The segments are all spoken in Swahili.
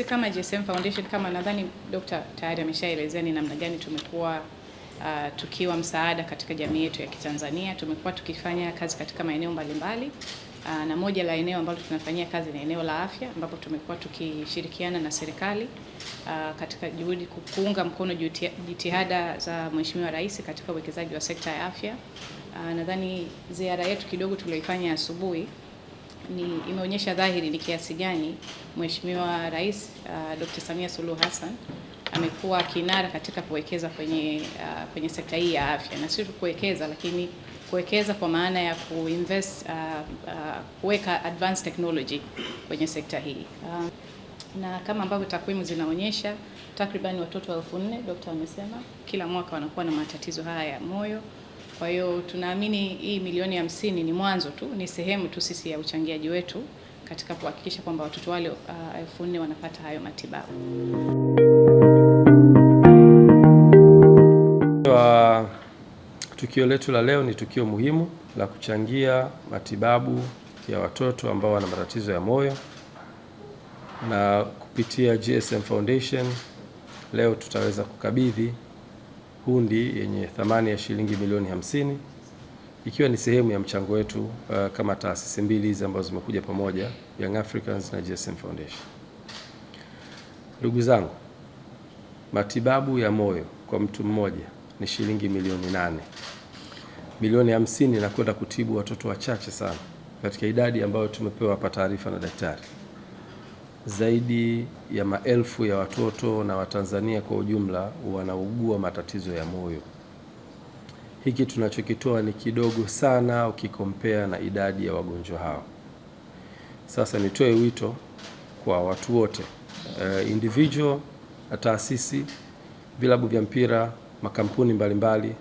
Sisi kama GSM Foundation, kama nadhani Dr. tayari ameshaelezea ni namna gani tumekuwa uh, tukiwa msaada katika jamii yetu ya Kitanzania. Tumekuwa tukifanya kazi katika maeneo mbalimbali uh, na moja la eneo ambalo tunafanyia kazi ni eneo la afya, ambapo tumekuwa tukishirikiana na serikali uh, katika juhudi kuunga mkono jitihada za Mheshimiwa Rais katika uwekezaji wa sekta ya afya. Uh, nadhani ziara yetu kidogo tulioifanya asubuhi ni imeonyesha dhahiri ni kiasi gani Mheshimiwa Rais uh, Dr. Samia Suluhu Hassan amekuwa kinara katika kuwekeza kwenye, uh, kwenye sekta hii ya afya, na sio tu kuwekeza, lakini kuwekeza kwa maana ya kuinvest uh, uh, kuweka advanced technology kwenye sekta hii uh, na kama ambavyo takwimu zinaonyesha takriban watoto elfu nne dokta amesema kila mwaka wanakuwa na matatizo haya ya moyo. Kwa hiyo tunaamini hii milioni hamsini ni mwanzo tu, ni sehemu tu sisi ya uchangiaji wetu katika kuhakikisha kwamba watoto wale uh, elfu nne wanapata hayo matibabu. Uh, tukio letu la leo ni tukio muhimu la kuchangia matibabu ya watoto ambao wana matatizo ya moyo na kupitia GSM Foundation leo tutaweza kukabidhi hundi yenye thamani ya shilingi milioni hamsini ikiwa ni sehemu ya mchango wetu uh, kama taasisi mbili hizi ambazo zimekuja pamoja Young Africans na GSM Foundation. Ndugu zangu, matibabu ya moyo kwa mtu mmoja ni shilingi milioni nane. Milioni hamsini na kwenda kutibu watoto wachache sana katika idadi ambayo tumepewa hapa taarifa na daktari. Zaidi ya maelfu ya watoto na Watanzania kwa ujumla wanaugua matatizo ya moyo. Hiki tunachokitoa ni kidogo sana ukikompea na idadi ya wagonjwa hao. Sasa nitoe wito kwa watu wote uh, individual na taasisi, vilabu vya mpira, makampuni mbalimbali,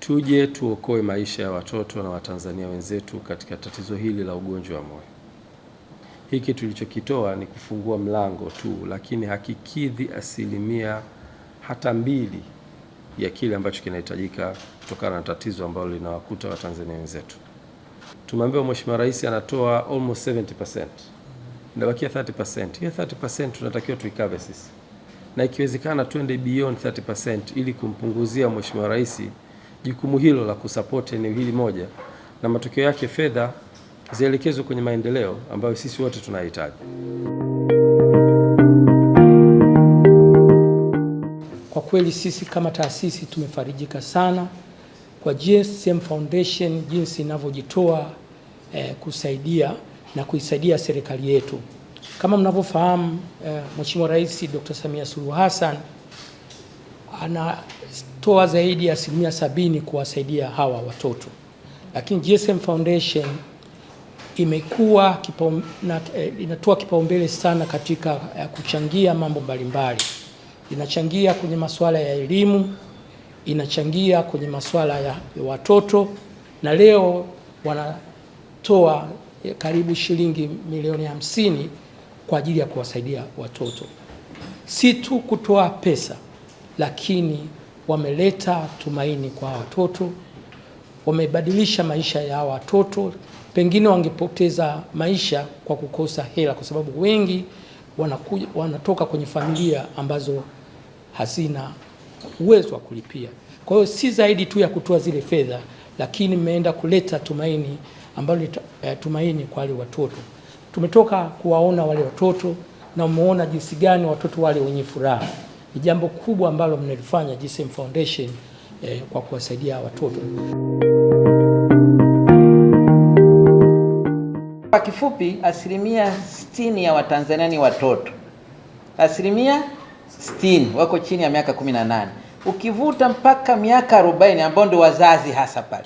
tuje tuokoe maisha ya watoto na Watanzania wenzetu katika tatizo hili la ugonjwa wa moyo hiki tulichokitoa ni kufungua mlango tu, lakini hakikidhi asilimia hata mbili ya kile ambacho kinahitajika kutokana na tatizo ambalo linawakuta Watanzania wenzetu. Tumeambiwa Mheshimiwa Rais anatoa almost 70%, inabakia 30%. Hiyo 30% tunatakiwa tuikave sisi, na ikiwezekana twende beyond 30% ili kumpunguzia Mheshimiwa Rais jukumu hilo la kusapoti eneo hili moja, na matokeo yake fedha zielekezwe kwenye maendeleo ambayo sisi wote tunahitaji. Kwa kweli sisi kama taasisi tumefarijika sana kwa GSM Foundation jinsi inavyojitoa eh, kusaidia na kuisaidia serikali yetu. Kama mnavyofahamu eh, Mheshimiwa Rais Dr. Samia Suluhu Hassan anatoa zaidi ya asilimia sabini kuwasaidia hawa watoto, lakini GSM Foundation imekuwa kipa, eh, inatoa kipaumbele sana katika eh, kuchangia mambo mbalimbali. Inachangia kwenye masuala ya elimu, inachangia kwenye masuala ya watoto, na leo wanatoa eh, karibu shilingi milioni hamsini kwa ajili ya kuwasaidia watoto, si tu kutoa pesa, lakini wameleta tumaini kwa watoto, wamebadilisha maisha ya watoto pengine wangepoteza maisha kwa kukosa hela, kwa sababu wengi wanakuja, wanatoka kwenye familia ambazo hazina uwezo wa kulipia. Kwa hiyo si zaidi tu ya kutoa zile fedha, lakini mmeenda kuleta tumaini ambalo eh, tumaini kwa wale watoto. Tumetoka kuwaona wale watoto na umeona jinsi gani watoto wale wenye furaha. Ni jambo kubwa ambalo mnalifanya GSM Foundation eh, kwa kuwasaidia watoto kifupi, asilimia sitini ya Watanzania ni watoto, asilimia sitini wako chini ya miaka kumi na nane ukivuta mpaka miaka arobaini ambao ndio wazazi hasa pale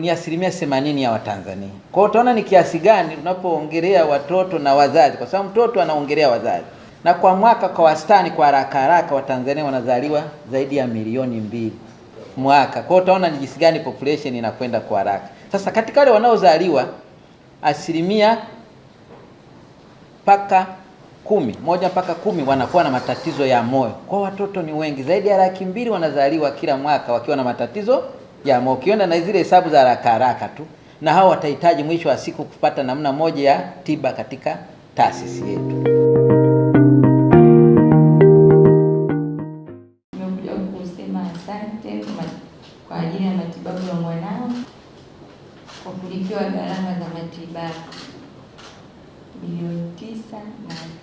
ni asilimia themanini ya Watanzania. Kwa hiyo utaona ni kiasi gani unapoongelea watoto na wazazi, kwa sababu mtoto anaongelea wazazi. Na kwa mwaka kwa wastani, kwa haraka haraka, Watanzania wanazaliwa zaidi ya milioni mbili mwaka. Kwa hiyo utaona ni jinsi gani population inakwenda kwa haraka. Sasa katika wale wanaozaliwa asilimia mpaka kumi moja mpaka kumi wanakuwa na matatizo ya moyo. Kwa watoto ni wengi, zaidi ya laki mbili wanazaliwa kila mwaka wakiwa na matatizo ya moyo, ukienda na zile hesabu za haraka haraka tu, na hao watahitaji mwisho wa siku kupata namna moja ya tiba katika taasisi yetu.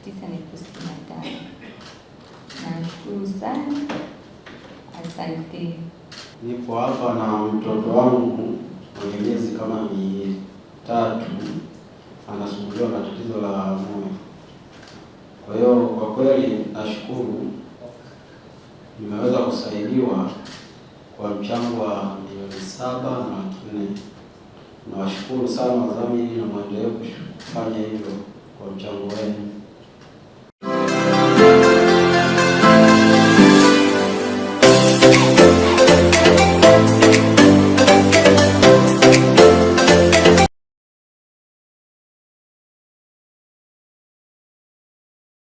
tisa na elfu na tano. Nashukuru sana, asante. Nipo hapa na mtoto wangu mwenye miezi kama mitatu, anasumbuliwa na tatizo la moyo. Kwa hiyo kwa kweli nashukuru nimeweza kusaidiwa kwa mchango wa milioni saba na laki nne. Nawashukuru sana wadhamini na mwendelee kufanya hivyo kwa mchango wenu.